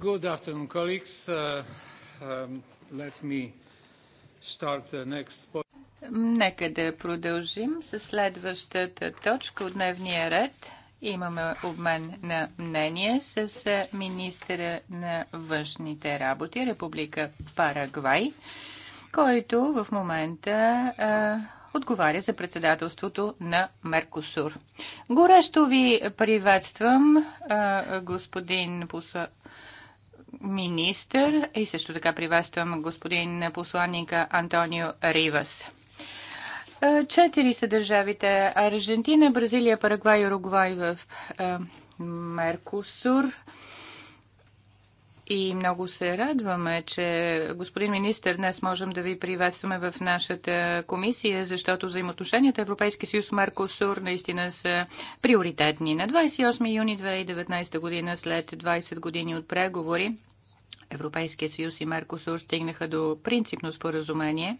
Good afternoon, colleagues. Uh, um, let me start the next point. Нека да продължим с следващата точка от дневния ред. Имаме обмен на мнение с министъра на външните работи, Република Парагвай, който в момента а, отговаря за председателството на Меркосур. Горещо ви приветствам, господин посла министър и също така приветствам господин посланника Антонио Ривас. Е, четири са държавите Аржентина, Бразилия, Парагвай, Уругвай в е, Меркусур. И много се радваме, че господин министр, днес можем да ви приветстваме в нашата комисия, защото взаимоотношенията Европейски съюз Меркосур наистина са приоритетни. На 28 юни 2019 година, след 20 години от преговори, Европейския съюз и Меркосур стигнаха до принципно споразумение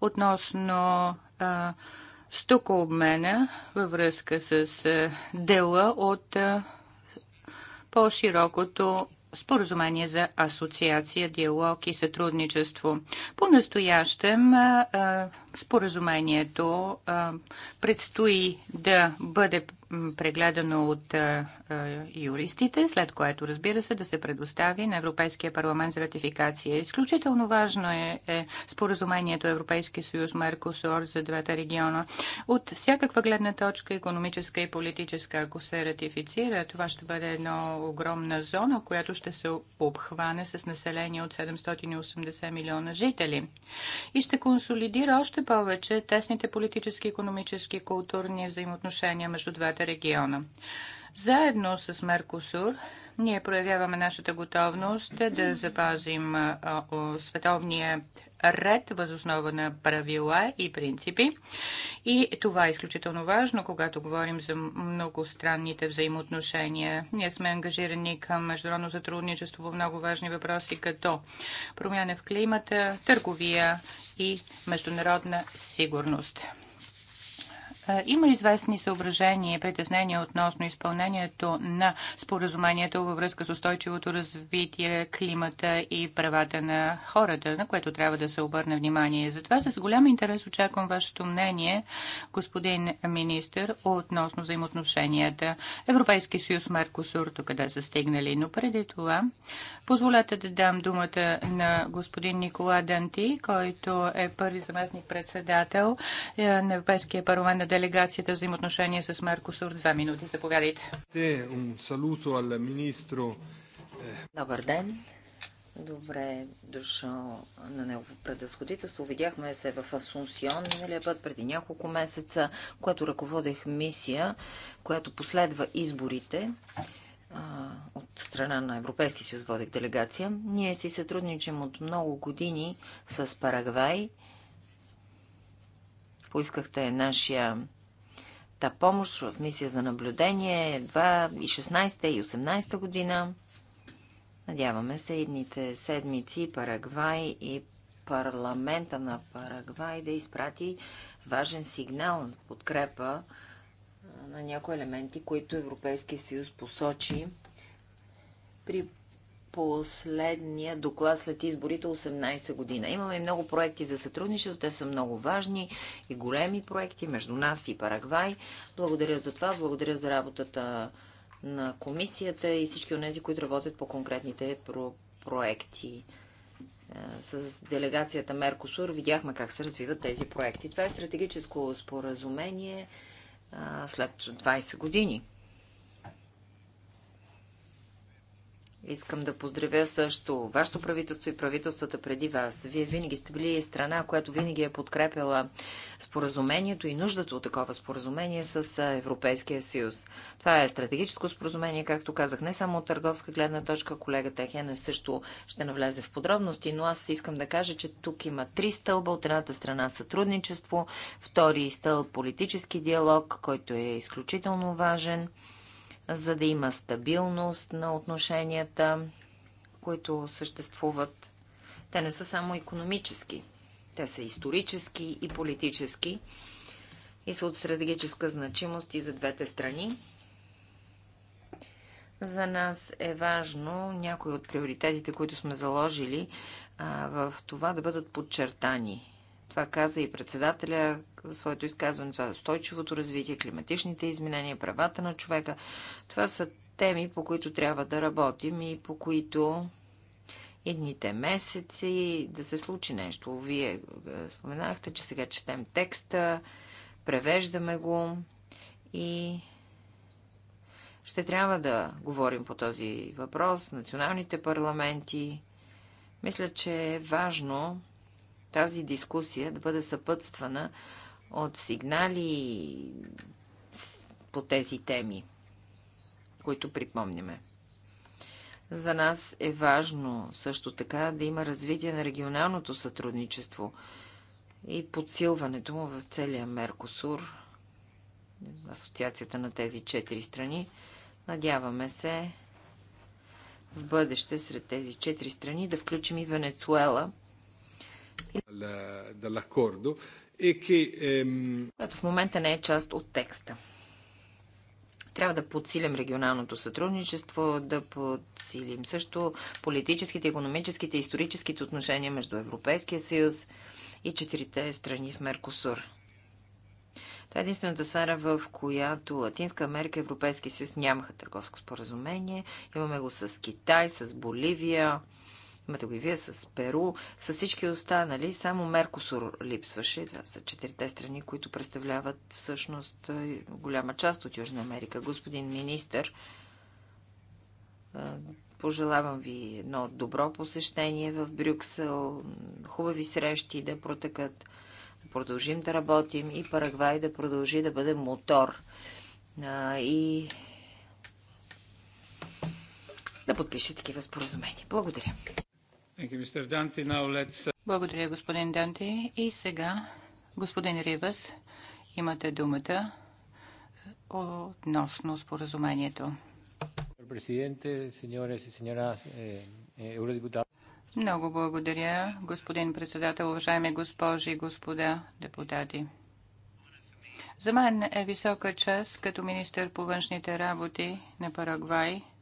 относно а, стокообмена във връзка с дела от по-широкото споразумение за асоциация, диалог и сътрудничество. По-настоящем Споразумението предстои да бъде прегледано от юристите, след което, разбира се, да се предостави на Европейския парламент за ратификация. Изключително важно е, е споразумението Европейски съюз Меркосор за двата региона. От всякаква гледна точка, економическа и политическа, ако се ратифицира, това ще бъде една огромна зона, която ще се обхване с население от 780 милиона жители и ще консолидира още повече тесните политически, економически и културни взаимоотношения между двата региона. Заедно с Меркосур ние проявяваме нашата готовност да запазим световния ред възоснова на правила и принципи. И това е изключително важно, когато говорим за многостранните взаимоотношения. Ние сме ангажирани към международно сътрудничество по много важни въпроси, като промяна в климата, търговия и международна сигурност. Е, има известни съображения и притеснения относно изпълнението на споразумението във връзка с устойчивото развитие, климата и правата на хората, на което трябва да се обърне внимание. Затова с голям интерес очаквам вашето мнение, господин министр, относно взаимоотношенията Европейски съюз Меркосур, къде са стигнали. Но преди това, позволете да дам думата на господин Никола Данти, който е първи заместник председател е, на Европейския парламент на делегацията за взаимоотношения с Меркосур. Два минути, заповядайте. Е. Добър ден. Добре дошъл на негово предъсходителство. Видяхме се в Асунсион миналия път, преди няколко месеца, което ръководех мисия, която последва изборите от страна на Европейски съюз водех делегация. Ние си сътрудничим от много години с Парагвай – Поискахте нашия та помощ в мисия за наблюдение 2016 и 16 и 18 година. Надяваме се едните седмици Парагвай и парламента на Парагвай да изпрати важен сигнал на подкрепа на някои елементи, които Европейския съюз посочи при последния доклад след изборите 18 година. Имаме много проекти за сътрудничество, те са много важни и големи проекти между нас и Парагвай. Благодаря за това, благодаря за работата на комисията и всички от тези, които работят по конкретните про- проекти. Е, с делегацията Меркосур видяхме как се развиват тези проекти. Това е стратегическо споразумение след 20 години. Искам да поздравя също вашето правителство и правителствата преди вас. Вие винаги сте били страна, която винаги е подкрепила споразумението и нуждата от такова споразумение с Европейския съюз. Това е стратегическо споразумение, както казах, не само от търговска гледна точка. Колегата Хене също ще навлезе в подробности, но аз искам да кажа, че тук има три стълба. От едната страна сътрудничество, втори стълб политически диалог, който е изключително важен за да има стабилност на отношенията, които съществуват. Те не са само економически, те са исторически и политически и са от стратегическа значимост и за двете страни. За нас е важно някои от приоритетите, които сме заложили а, в това да бъдат подчертани. Това каза и председателя в своето изказване. за е устойчивото развитие, климатичните изменения, правата на човека. Това са теми, по които трябва да работим и по които едните месеци да се случи нещо. Вие е, споменахте, че сега четем текста, превеждаме го и ще трябва да говорим по този въпрос. Националните парламенти. Мисля, че е важно тази дискусия да бъде съпътствана от сигнали по тези теми, които припомняме. За нас е важно също така да има развитие на регионалното сътрудничество и подсилването му в целия Меркосур, асоциацията на тези четири страни. Надяваме се в бъдеще сред тези четири страни да включим и Венецуела – E ehm, Което в момента не е част от текста. Трябва да подсилим регионалното сътрудничество, да подсилим също политическите, економическите, историческите отношения между Европейския съюз и четирите страни в Меркосур. Това е единствената сфера, в която Латинска Америка и Европейския съюз нямаха търговско споразумение. Имаме го с Китай, с Боливия, Имате го и вие с Перу, с всички останали. Само Меркосур липсваше. Това са четирите страни, които представляват всъщност голяма част от Южна Америка. Господин министър, пожелавам ви едно добро посещение в Брюксел, хубави срещи да протекат, да продължим да работим и Парагвай да продължи да бъде мотор. И да подпише такива споразумения. Благодаря. Uh, благодаря, господин Данти. И сега, господин Ривас, имате думата относно споразумението. Е, е, Много благодаря, господин председател, уважаеми госпожи и господа депутати. За мен е висока чест като министър по външните работи на Парагвай –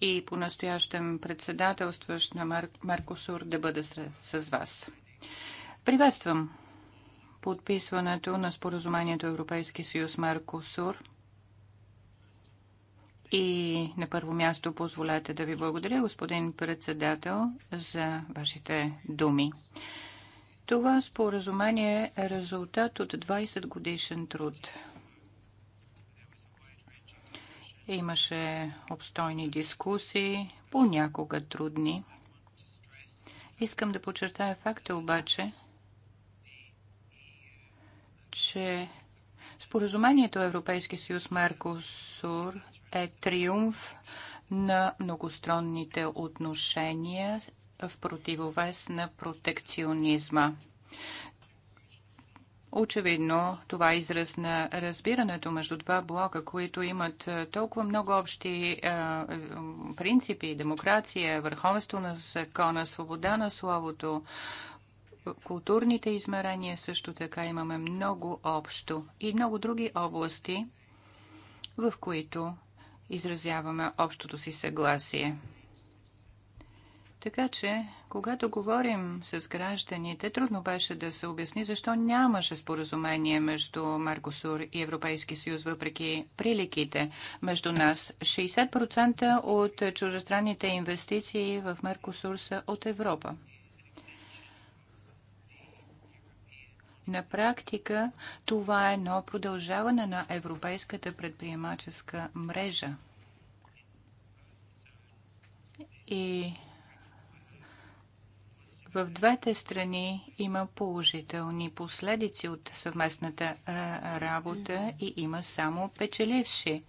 и по-настоящем председателстващ на Мар- Маркосур да бъда с, с вас. Приветствам подписването на споразумението Европейски съюз Маркосур. И на първо място позволете да ви благодаря, господин председател, за вашите думи. Това споразумение е резултат от 20 годишен труд – Имаше обстойни дискусии, понякога трудни. Искам да подчертая факта обаче, че споразумението Европейски съюз Меркосур е триумф на многостранните отношения в противовес на протекционизма. Очевидно, това е израз на разбирането между два блока, които имат е, толкова много общи е, е, принципи демокрация, върховенство на закона, свобода на словото, културните измерения също така имаме много общо и много други области, в които изразяваме общото си съгласие. Така че, когато говорим с гражданите, трудно беше да се обясни защо нямаше споразумение между Меркосур и Европейски съюз, въпреки приликите между нас. 60% от чужестранните инвестиции в Меркосур са от Европа. На практика това е едно продължаване на европейската предприемаческа мрежа. И в двете страни има положителни последици от съвместната работа и има само печеливши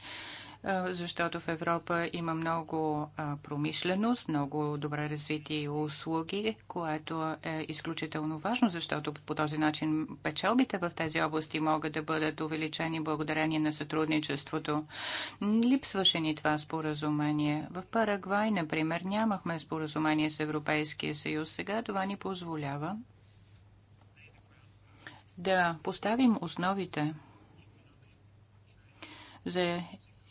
защото в Европа има много промишленост, много добре развити услуги, което е изключително важно, защото по този начин печалбите в тези области могат да бъдат увеличени благодарение на сътрудничеството. Липсваше ни това споразумение. В Парагвай, например, нямахме споразумение с Европейския съюз. Сега това ни позволява да поставим основите за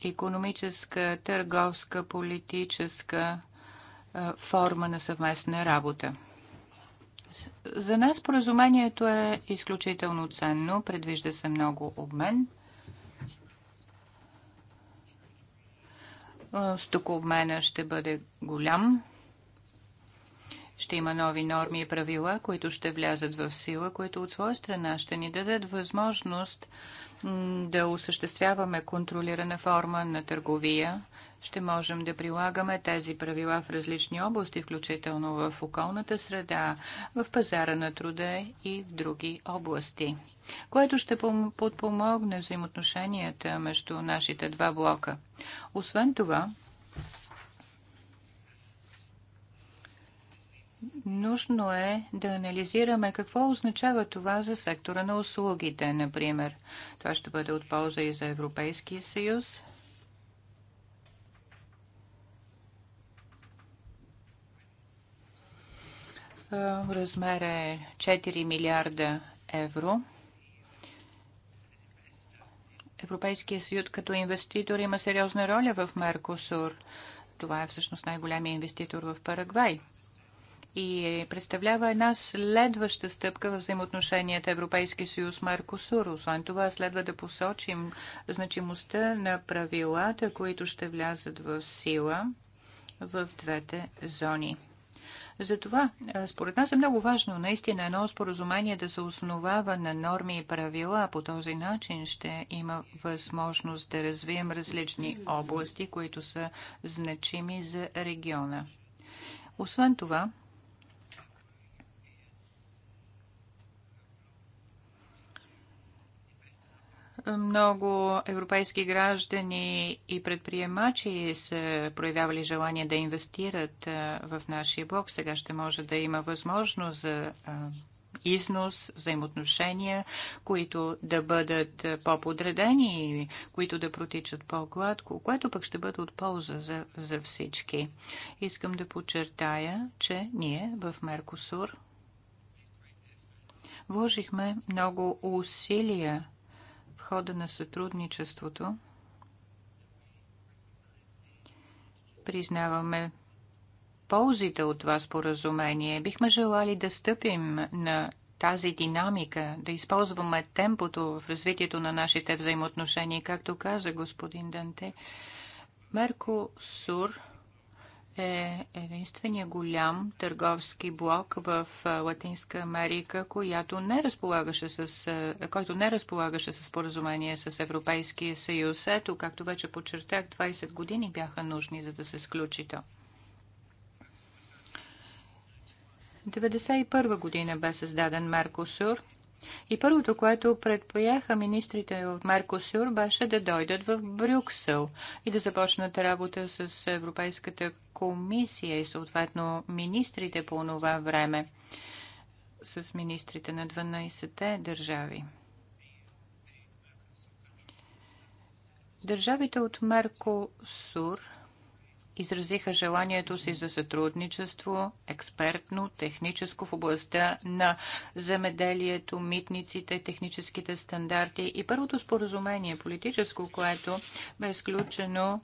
економическа, търговска, политическа форма на съвместна работа. За нас поразумението е изключително ценно, предвижда се много обмен. Стокообмена ще бъде голям. Ще има нови норми и правила, които ще влязат в сила, които от своя страна ще ни дадат възможност да осъществяваме контролирана форма на търговия, ще можем да прилагаме тези правила в различни области, включително в околната среда, в пазара на труда и в други области, което ще подпомогне взаимоотношенията между нашите два блока. Освен това, Нужно е да анализираме какво означава това за сектора на услугите, например. Това ще бъде от полза и за Европейския съюз. Размер е 4 милиарда евро. Европейския съюз като инвеститор има сериозна роля в Меркосур. Това е всъщност най-големия инвеститор в Парагвай и представлява една следваща стъпка в взаимоотношенията Европейски съюз Маркосур. Освен това, следва да посочим значимостта на правилата, които ще влязат в сила в двете зони. Затова, според нас е много важно наистина едно споразумение да се основава на норми и правила. По този начин ще има възможност да развием различни области, които са значими за региона. Освен това, Много европейски граждани и предприемачи са проявявали желание да инвестират в нашия блок. Сега ще може да има възможност за износ, взаимоотношения, които да бъдат по-подредени и които да протичат по-гладко, което пък ще бъде от полза за, за всички. Искам да подчертая, че ние в Меркосур вложихме много усилия хода на сътрудничеството признаваме ползите от това споразумение. Бихме желали да стъпим на тази динамика, да използваме темпото в развитието на нашите взаимоотношения, както каза господин Данте. Меркосур е единствения голям търговски блок в Латинска Америка, която не разполагаше с, който не разполагаше с споразумение с Европейския съюз. Ето, както вече подчертах, 20 години бяха нужни, за да се сключи то. 1991 година бе създаден Меркосур – и първото, което предпояха министрите от Меркосюр, беше да дойдат в Брюксел и да започнат работа с Европейската комисия и съответно министрите по това време с министрите на 12-те държави. Държавите от Меркосур – изразиха желанието си за сътрудничество, експертно, техническо в областта на земеделието, митниците, техническите стандарти и първото споразумение, политическо, което бе изключено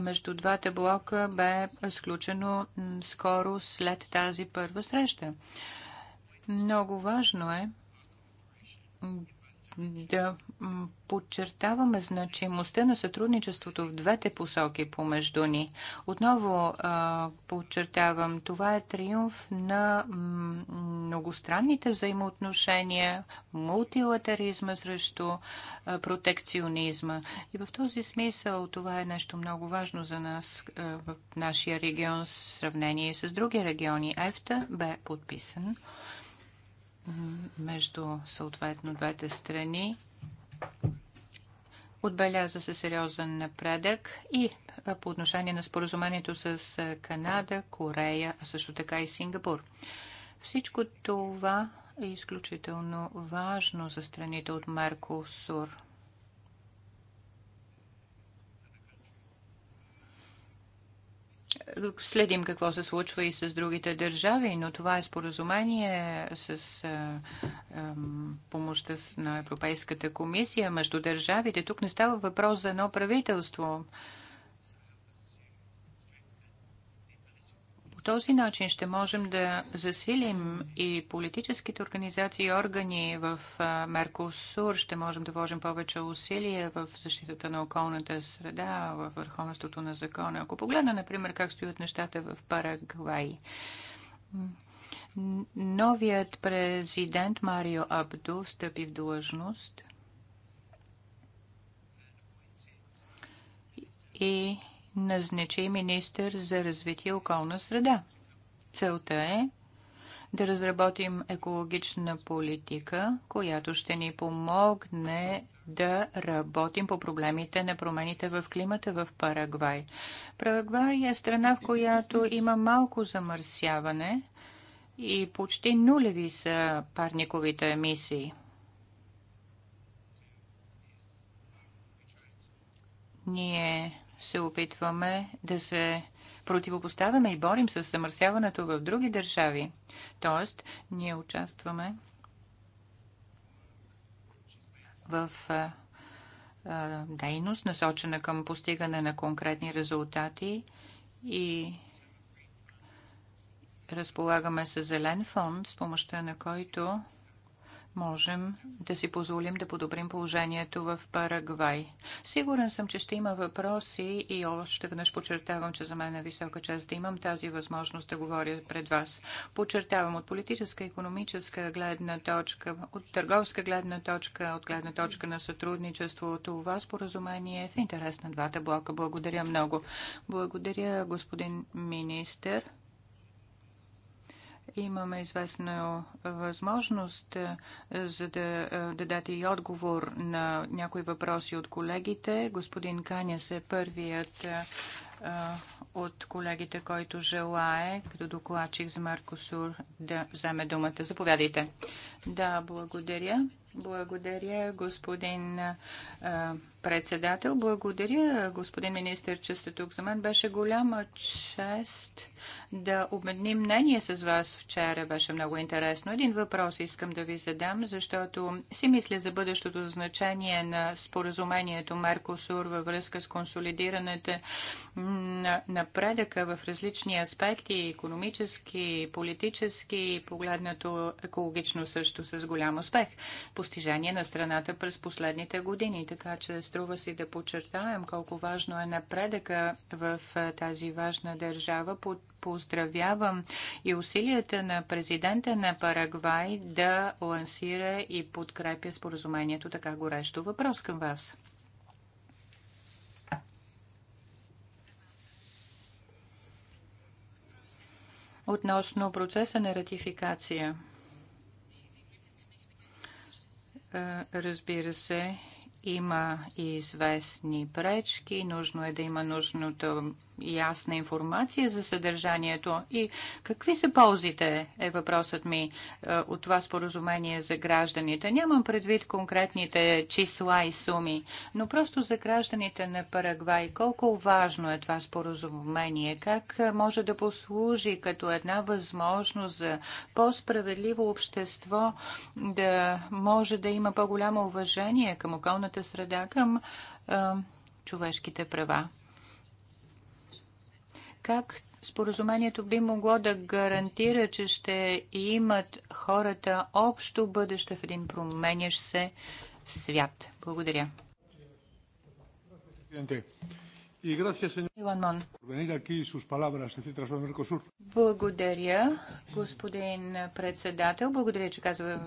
между двата блока, бе изключено скоро след тази първа среща. Много важно е да подчертаваме значимостта на сътрудничеството в двете посоки помежду ни. Отново подчертавам, това е триумф на многостранните взаимоотношения, мултилатеризма срещу протекционизма. И в този смисъл това е нещо много важно за нас в нашия регион в сравнение с други региони. ЕФТА бе подписан между съответно двете страни. Отбеляза се сериозен напредък и по отношение на споразумението с Канада, Корея, а също така и Сингапур. Всичко това е изключително важно за страните от Меркосур. Следим какво се случва и с другите държави, но това е споразумение с е, е, помощта на Европейската комисия между държавите. Тук не става въпрос за едно правителство. този начин ще можем да засилим и политическите организации и органи в Меркосур, ще можем да вложим повече усилия в защитата на околната среда, в върховенството на закона. Ако погледна, например, как стоят нещата в Парагвай, новият президент Марио Абдул стъпи в длъжност и назначи министър за развитие околна среда. Целта е да разработим екологична политика, която ще ни помогне да работим по проблемите на промените в климата в Парагвай. Парагвай е страна, в която има малко замърсяване и почти нулеви са парниковите емисии. Ние се опитваме да се противопоставяме и борим с замърсяването в други държави. Тоест, ние участваме в дейност, насочена към постигане на конкретни резултати и разполагаме с зелен фонд, с помощта на който можем да си позволим да подобрим положението в Парагвай. Сигурен съм, че ще има въпроси и още веднъж подчертавам, че за мен е висока част да имам тази възможност да говоря пред вас. Подчертавам от политическа, економическа гледна точка, от търговска гледна точка, от гледна точка на сътрудничество. Това споразумение е в интерес на двата блока. Благодаря много. Благодаря, господин министър имаме известна възможност е, за да, е, дадете и отговор на някои въпроси от колегите. Господин Каняс е първият е, от колегите, който желае, като докладчик за Маркосур, да вземе думата. Заповядайте. Да, благодаря. Благодаря, господин председател. Благодаря, господин министр, че сте тук. За мен беше голяма чест да обменим мнение с вас вчера. Беше много интересно. Един въпрос искам да ви задам, защото си мисля за бъдещото значение на споразумението Меркосур във връзка с консолидирането на напредъка в различни аспекти, економически, политически, погледнато екологично също с голям успех постижение на страната през последните години. Така че струва си да подчертаем колко важно е напредъка в тази важна държава. Поздравявам и усилията на президента на Парагвай да лансира и подкрепя споразумението така горещо. Въпрос към вас. Относно процеса на ратификация – Разбира се, има известни пречки, нужно е да има нужната ясна информация за съдържанието и какви са ползите, е въпросът ми е, от това споразумение за гражданите. Нямам предвид конкретните числа и суми, но просто за гражданите на Парагвай колко важно е това споразумение, как може да послужи като една възможност за по-справедливо общество, да може да има по-голямо уважение към околната околната среда, към а, човешките права. Как споразумението би могло да гарантира, че ще имат хората общо бъдеще в един променящ се свят? Благодаря. Благодаря, господин председател. Благодаря, че казва,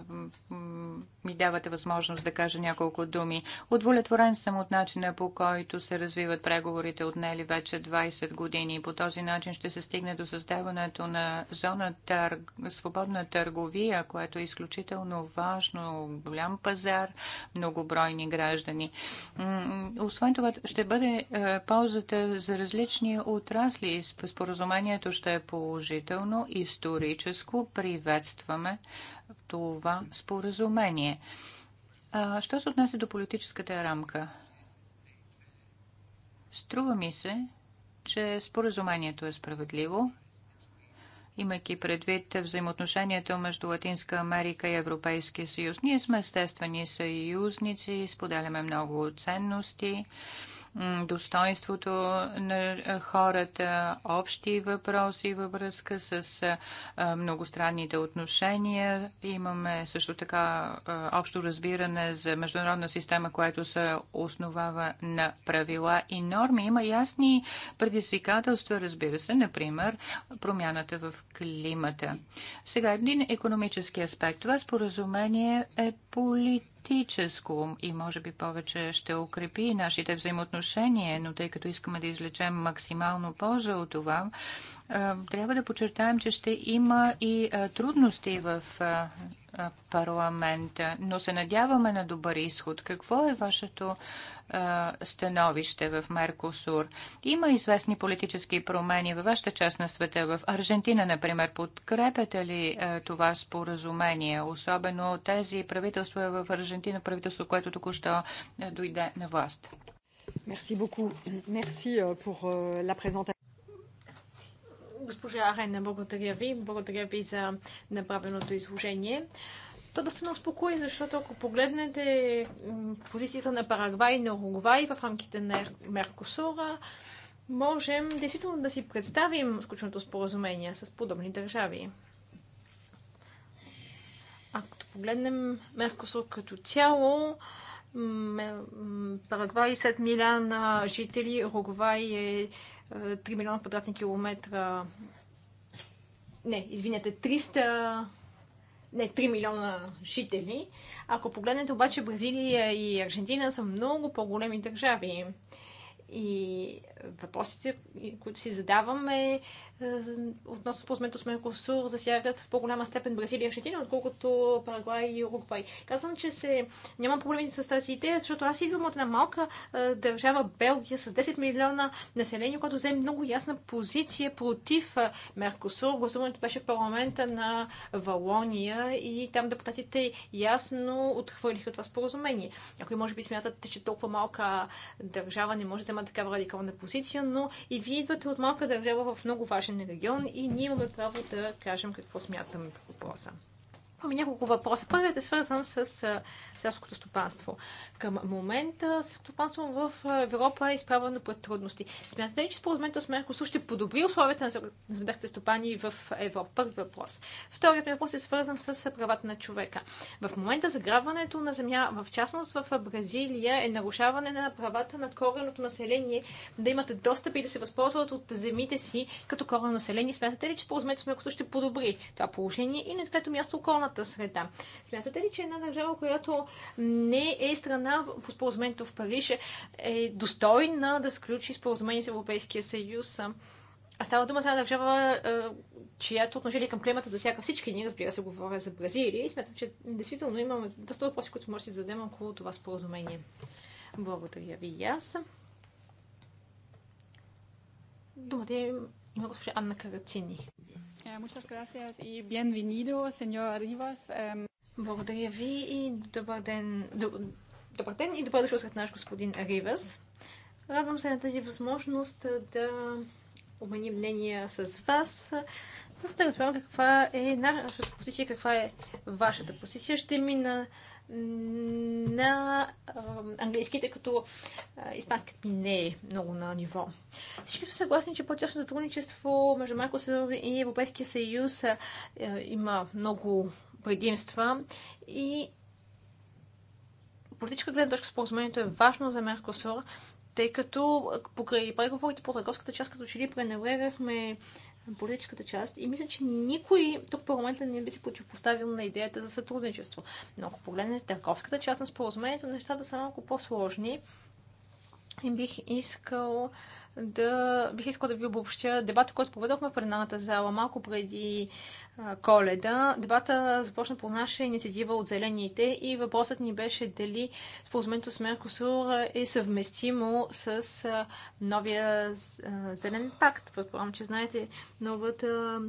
ми давате възможност да кажа няколко думи. Удовлетворен съм от начина по който се развиват преговорите от нели вече 20 години. По този начин ще се стигне до създаването на зона търг, свободна търговия, което е изключително важно, голям пазар, многобройни граждани. Освен това, ще бъде е, ползата за различни отрасли. Споразумението ще е положително, историческо. Приветстваме това споразумение. А, що се отнесе до политическата рамка? Струва ми се, че споразумението е справедливо, имайки предвид взаимоотношението между Латинска Америка и Европейския съюз. Ние сме естествени съюзници, споделяме много ценности достоинството на хората, общи въпроси във връзка с многостранните отношения. Имаме също така общо разбиране за международна система, която се основава на правила и норми. Има ясни предизвикателства, разбира се, например, промяната в климата. Сега един економически аспект. Това споразумение е политика практическо и може би повече ще укрепи нашите взаимоотношения, но тъй като искаме да излечем максимално полза от това, трябва да подчертаем, че ще има и трудности в парламента, но се надяваме на добър изход. Какво е вашето становище в Меркосур? Има известни политически промени във вашата част на света. В Аржентина, например, подкрепяте ли това споразумение? Особено тези правителства в Аржентина, правителство, което току-що дойде на власт. Merci beaucoup. Euh, euh, Госпожа Арена, благодаря ви. Благодаря ви за направеното изложение. То да се ме успокои, защото ако погледнете позицията на Парагвай и на Уругвай в рамките на Меркосура, можем действително да си представим скучното споразумение с подобни държави. Ако погледнем Меркосур като цяло, Парагвай 7 милиона жители, Уругвай е 3 милиона квадратни километра. Не, извинете, 300 не 3 милиона жители. Ако погледнете обаче Бразилия и Аржентина са много по-големи държави. И въпросите, които си задаваме, е, относно споразумението с Меркосур засягат в по-голяма степен Бразилия и Аржентина, отколкото Парагвай и Уругвай. Казвам, че се... нямам проблеми с тази идея, защото аз идвам от една малка а, е, държава Белгия с 10 милиона население, което взе много ясна позиция против е, Меркосур. Гласуването беше в парламента на Валония и там депутатите ясно отхвърлиха това споразумение. Ако може би смятате, че толкова малка държава не може да взема такава радикална позиция, но и вие идвате от малка държава в много важен важен регион и ние имаме право да кажем какво смятаме по въпроса. Имаме няколко въпроса. Първият е свързан с селското стопанство. Към момента стопанство в Европа е изправено пред трудности. Смятате ли, че споразумението с Меркосур ще подобри условията на земеделските стопани в Европа? Първи въпрос. Вторият ми въпрос е свързан с правата на човека. В момента заграбването на земя, в частност в Бразилия, е нарушаване на правата на кореното население да имат достъп и да се възползват от земите си като корено население. Смятате ли, че споразумението с Меркосур ще подобри това положение и на трето място околна реалната среда. Смятате ли, че една държава, която не е страна по споразумението в Париж, е достойна да сключи споразумение с Европейския съюз? А става дума за една държава, е, чиято отношение към климата засяга всички ние, разбира се, говоря за Бразилия и смятам, че действително имаме доста въпроси, които може да си зададем около това споразумение. Благодаря ви и аз. Думата има госпожа Анна Карацини. Eh, Благодаря ви и добър ден, добър ден и добър дошъл сред наш господин Ривас. Радвам се на тази възможност да обменим мнения с вас за да разберем каква е нашата позиция, каква е вашата позиция. Ще мина на английски, тъй като испанският ми не е много на ниво. Всички сме съгласни, че по-тясно сътрудничество между Майкрософт и Европейския съюз е, има много предимства и политическа гледна точка споразумението е важно за Меркосор, тъй като покрай преговорите по търговската част, като че ли пренебрегахме политическата част и мисля, че никой тук в парламента не би се противопоставил на идеята за сътрудничество. Но ако погледнете търговската част на споразумението, нещата са малко по-сложни и бих искал да бих искал да ви обобща дебата, който проведохме в пленарната зала малко преди коледа. Дебата започна по наша инициатива от Зелените и въпросът ни беше дали споразумението с Меркосур е съвместимо с новия Зелен пакт. Предполагам, че знаете новата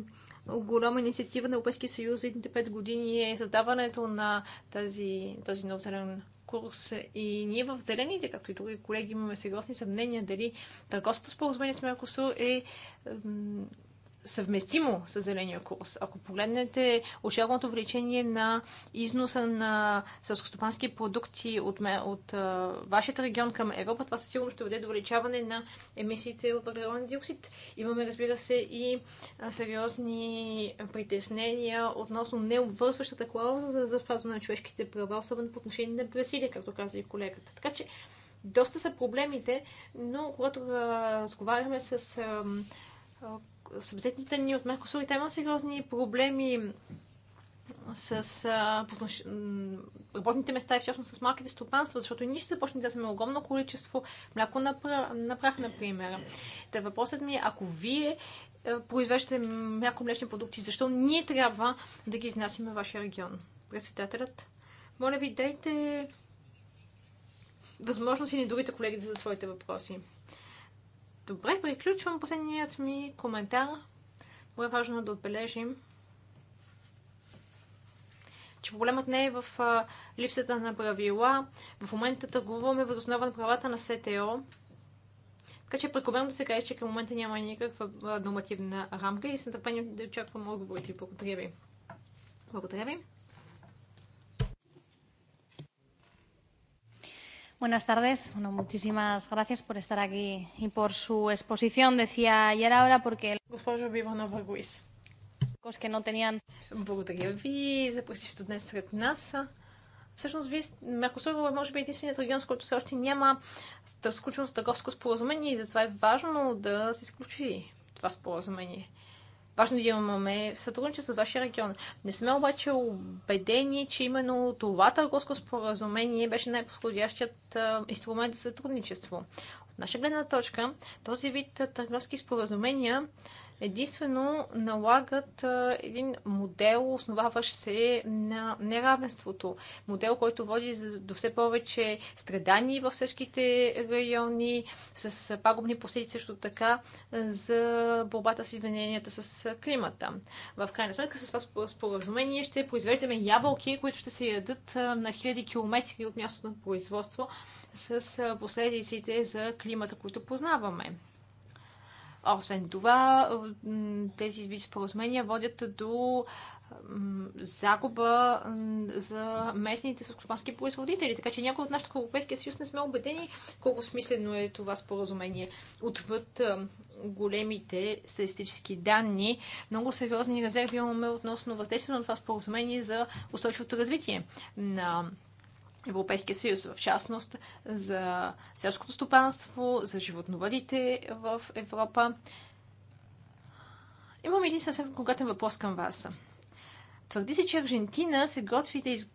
голяма инициатива на Европейския съюз за едните 5 години е създаването на тази, този нов зелен курс. И ние в Зелените, както и други колеги, имаме сериозни съмнения дали търговското споразумение с Меркосур е съвместимо с зеления курс. Ако погледнете очакваното увеличение на износа на сълскостопански продукти от, от а, вашия регион към Европа, това със сигурност ще веде до увеличаване на емисиите от въглероден диоксид. Имаме, разбира се, и а, сериозни притеснения относно необвързващата клауза за запазване на човешките права, особено по отношение на Бразилия, както каза и колегата. Така че, доста са проблемите, но когато разговаряме с а, събеседните ни от Меркосур и има сериозни проблеми с а, работните места и в частност с малките стопанства, защото и ние ще започнем да сме огромно количество мляко на, на прах, например. Та въпросът ми е, ако вие е, произвеждате мляко млечни продукти, защо ние трябва да ги изнасяме в вашия регион? Председателят, моля ви, дайте възможност и ни другите колеги да зададат своите въпроси. Добре, приключвам последният ми коментар. Много е важно да отбележим, че проблемът не е в липсата на правила. В момента търгуваме възоснова на правата на СТО. Така че прекомерно да се каже, че към момента няма никаква нормативна рамка и съм нетърпение да очаквам отговорите. Благодаря ви. Благодаря ви. Buenas tardes. Bueno, muchísimas gracias por estar aquí y por su exposición. Decía ayer ahora porque... Госпожо Биванова Гуис. Que no tenían... Un Благодаря ви за присъщето днес сред нас. Всъщност, вие, Меркосур е, може би единственият регион, с който все още няма сключено търговско споразумение и затова е важно да се изключи това споразумение. Важно да имаме сътрудничество с вашия регион. Не сме обаче убедени, че именно това търговско споразумение беше най-подходящият инструмент за сътрудничество. От наша гледна точка, този вид търговски споразумения единствено налагат един модел, основаващ се на неравенството. Модел, който води до все повече страдания във всичките райони, с пагубни последици също така за борбата с измененията с климата. В крайна сметка, с това споразумение ще произвеждаме ябълки, които ще се ядат на хиляди километри от мястото на производство с последиците за климата, които познаваме освен това, тези вид споразумения водят до загуба за местните селскостопански производители. Така че някои от нашите Европейския съюз не сме убедени колко смислено е това споразумение. Отвъд големите статистически данни, много сериозни резерви имаме относно въздействието на това споразумение за устойчивото развитие на Европейския съюз, в частност за селското стопанство, за животновъдите в Европа. Имам един съвсем конкретен въпрос към вас. Твърди се, че Аржентина се готви да, из...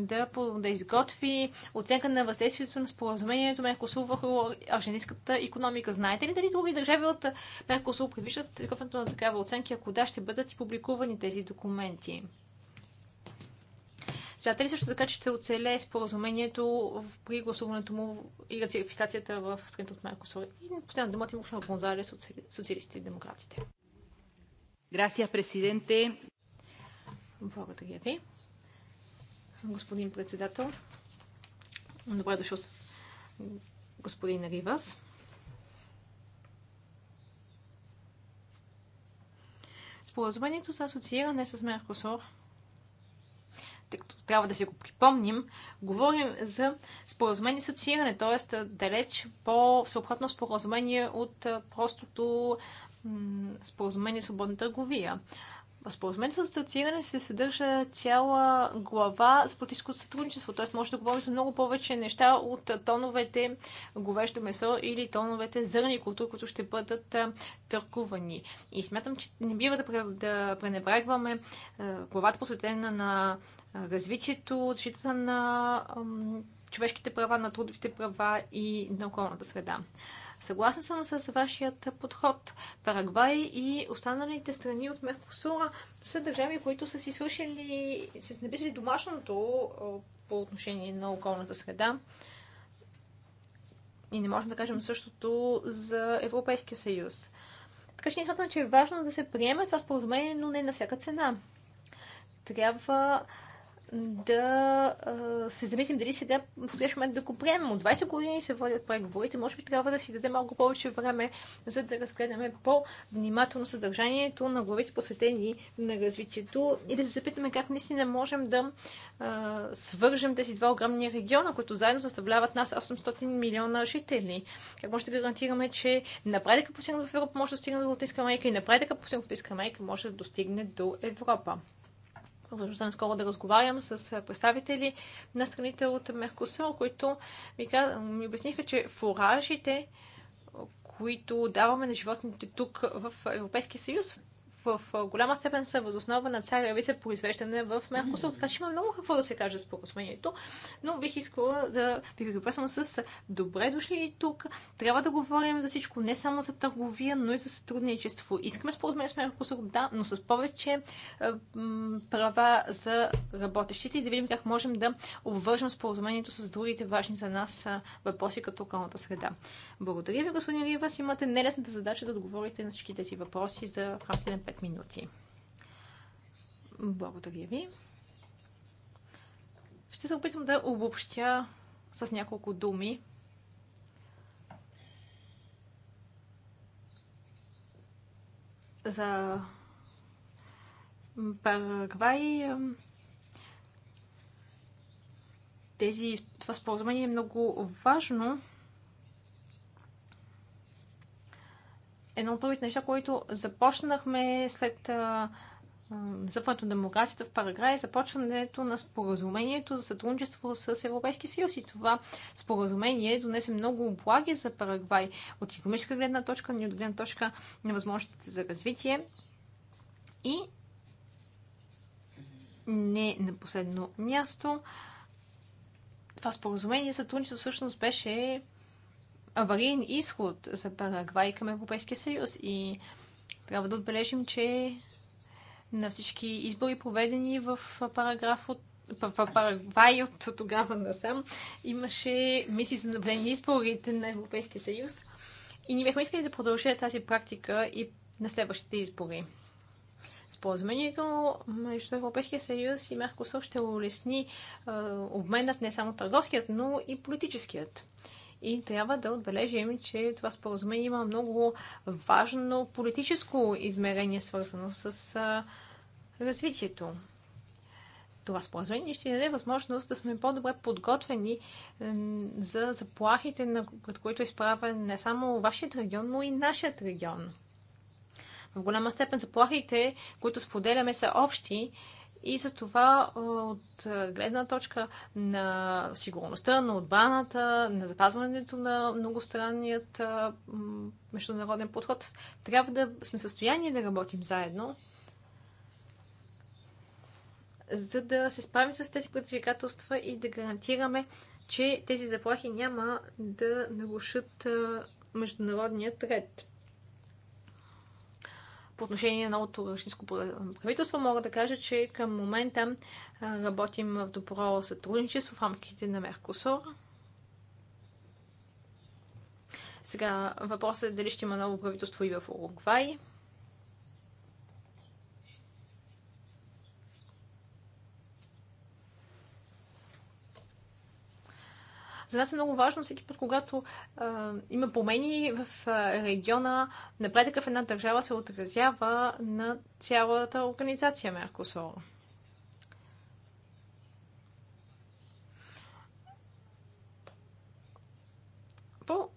да, да изготви оценка на въздействието на споразумението Меркосул върху аржентинската економика. Знаете ли дали други държави от Меркосул предвиждат изготвянето на такава оценка, Ако да, ще бъдат и публикувани тези документи. Смятате ли също така, че ще оцелее споразумението при гласуването му и ратификацията в страните от Сори? И последна думата има Шмар Гонзалес от социалистите и демократите. Грация, президенте. Благодаря ви. Господин председател, добре дошъл господин Ривас. Споразумението за асоцииране с Меркосор тъй като трябва да си го припомним, говорим за споразумение асоцииране, т.е. далеч по-всеобхватно споразумение от простото споразумение свободна търговия. Споразумението за асоцииране се съдържа цяла глава за политическото сътрудничество, т.е. може да говорим за много повече неща от тоновете говеждо месо или тоновете зърни култури, които ще бъдат търгувани. И смятам, че не бива да пренебрегваме главата посветена на развитието, защитата на човешките права, на трудовите права и на околната среда. Съгласен съм с вашият подход. Парагвай и останалите страни от Меркосура са държави, които са си свършили, са си написали домашното по отношение на околната среда. И не можем да кажем същото за Европейския съюз. Така че ние смятам, че е важно да се приеме това споразумение, но не на всяка цена. Трябва да се замислим дали сега в подходящ момент да го приемем. От 20 години се водят преговорите, може би трябва да си даде малко повече време, за да разгледаме по-внимателно съдържанието на главите посветени на развитието и да се запитаме как наистина можем да а, свържем тези два огромни региона, които заедно съставляват нас 800 милиона жители. Как може да гарантираме, че напредъка по в Европа може да достигне до Латинска Америка и напредъка по в Латинска Америка може да достигне до Европа възможността наскоро да разговарям с представители на страните от Меркосел, които ми, каз... ми обясниха, че фуражите, които даваме на животните тук в Европейския съюз, в голяма степен са възоснова на царя се произвеждане в Меркосур, така че има много какво да се каже с споразумението, но бих искала да ви припасвам с добре дошли и тук. Трябва да говорим за всичко, не само за търговия, но и за сътрудничество. Искаме споразумение с Меркосур, да, но с повече е, права за работещите и да видим как можем да обвържем споразумението с другите важни за нас е, въпроси като околната среда. Благодаря ви, господин Ривас. Имате нелесната задача да отговорите на всички тези въпроси за в рамките на 5 минути. Благодаря ви. Ще се опитам да обобщя с няколко думи за Парагвай. Тези, това споразумение е много важно, едно от първите неща, които започнахме след завърването на демокрацията в Параграй е започването на споразумението за сътрудничество с Европейски съюз. И това споразумение донесе много облаги за Парагвай от економическа гледна точка, ни от гледна точка на възможностите за развитие. И не на последно място, това споразумение за сътрудничество всъщност беше авариен изход за Парагвай към Европейския съюз. И трябва да отбележим, че на всички избори, проведени в параграф от в Парагвай от тогава насам имаше мисли, за наблени изборите на Европейския съюз. И ние бяхме искали да продължим тази практика и на следващите избори. Споразумението между Европейския съюз и Меркосов ще улесни обменът не само търговският, но и политическият. И трябва да отбележим, че това споразумение има много важно политическо измерение, свързано с развитието. Това споразумение ще даде възможност да сме по-добре подготвени за заплахите, на пред които е изправя не само вашият регион, но и нашият регион. В голяма степен заплахите, които споделяме, са общи и за това от гледна точка на сигурността, на отбраната, на запазването на многостранният международен подход, трябва да сме в състояние да работим заедно, за да се справим с тези предизвикателства и да гарантираме, че тези заплахи няма да нарушат международният ред по отношение на новото ръждинско правителство, мога да кажа, че към момента работим в добро сътрудничество в рамките на Меркосор. Сега въпросът е дали ще има ново правителство и в Уругвай. За нас е много важно всеки път, когато а, има промени в региона, напредъка в една държава се отразява на цялата организация Меркосор. По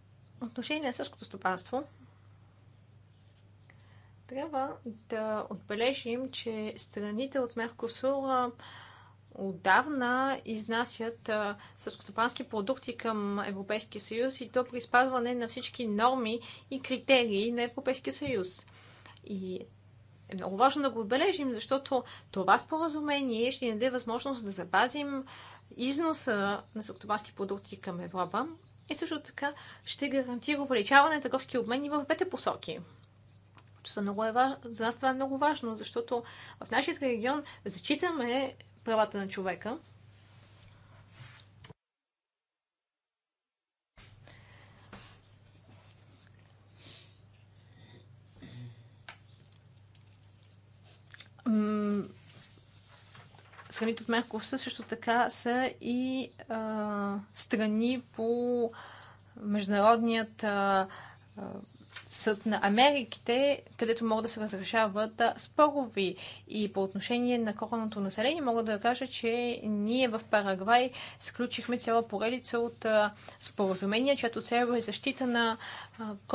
отношение на сърското стопанство, трябва да отбележим, че страните от Меркосура отдавна изнасят съскотопански продукти към Европейския съюз и то при спазване на всички норми и критерии на Европейския съюз. И е много важно да го отбележим, защото това споразумение ще ни даде възможност да запазим износа на съскотопански продукти към Европа и също така ще гарантира увеличаване на търговски обмени в двете посоки. много е, за нас това е много важно, защото в нашия регион зачитаме правата на човека. страните от Меркурса също така са и а, страни по международният а, съд на Америките, където могат да се разрешават спорови. И по отношение на корното население мога да кажа, че ние в Парагвай сключихме цяла поредица от споразумения, чиято цел е защита на а,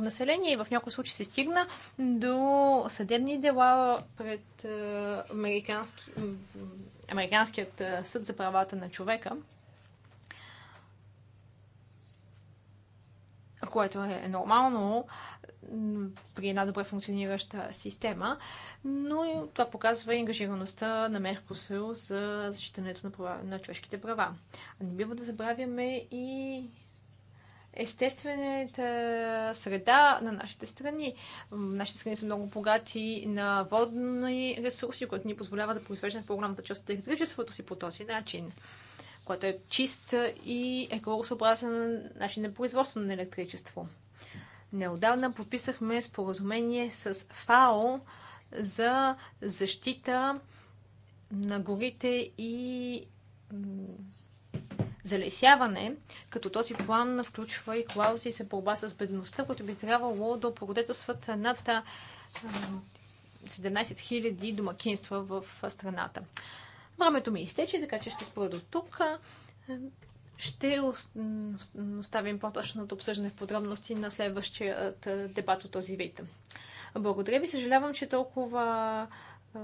население. И в някои случаи се стигна до съдебни дела пред американски, американският съд за правата на човека. което е нормално при една добре функционираща система, но това показва и ангажираността на Меркосел за защитането на, права, на човешките права. А не бива да забравяме и естествената среда на нашите страни. Нашите страни са много богати на водни ресурси, които ни позволяват да произвеждаме по-голямата част от електричеството си по този начин което е чист и екологосъобразен начин на производство на електричество. Неодавна подписахме споразумение с ФАО за защита на горите и залесяване, като този план включва и клаузи за борба с бедността, което би трябвало да облагодетелстват над 17 000 домакинства в страната. Времето ми изтече, така че ще спра до тук. Е, ще оставим по-точното обсъждане в подробности на следващия е, дебат от този вид. Благодаря ви. Съжалявам, че толкова е,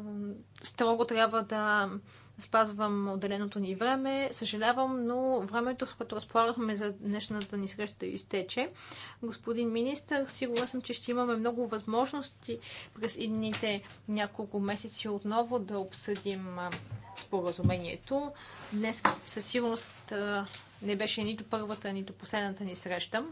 строго трябва да спазвам отделеното ни време. Съжалявам, но времето, с което разполагахме за днешната ни среща, изтече. Господин министр, сигурна съм, че ще имаме много възможности през идните няколко месеци отново да обсъдим споразумението. Днес със сигурност не беше нито първата, нито последната ни среща.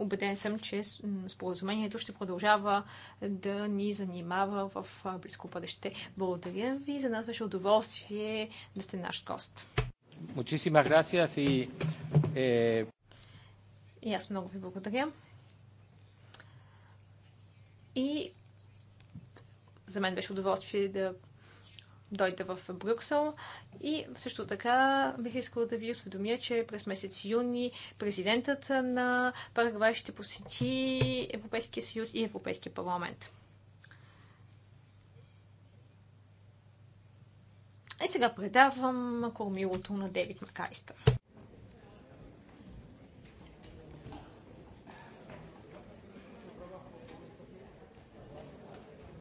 Обеден съм, че споразумението ще продължава да ни занимава в близко бъдеще. Благодаря ви. За нас беше удоволствие да сте наш гост. Muchísimas gracias и... Е... Eh, и аз много ви благодаря. И за мен беше удоволствие да Дойде в Брюксел. И също така бих искала да ви осведомя, че през месец юни президентът на Парагвай ще посети Европейския съюз и Европейския парламент. И сега предавам кормилото на Девид Макайстър.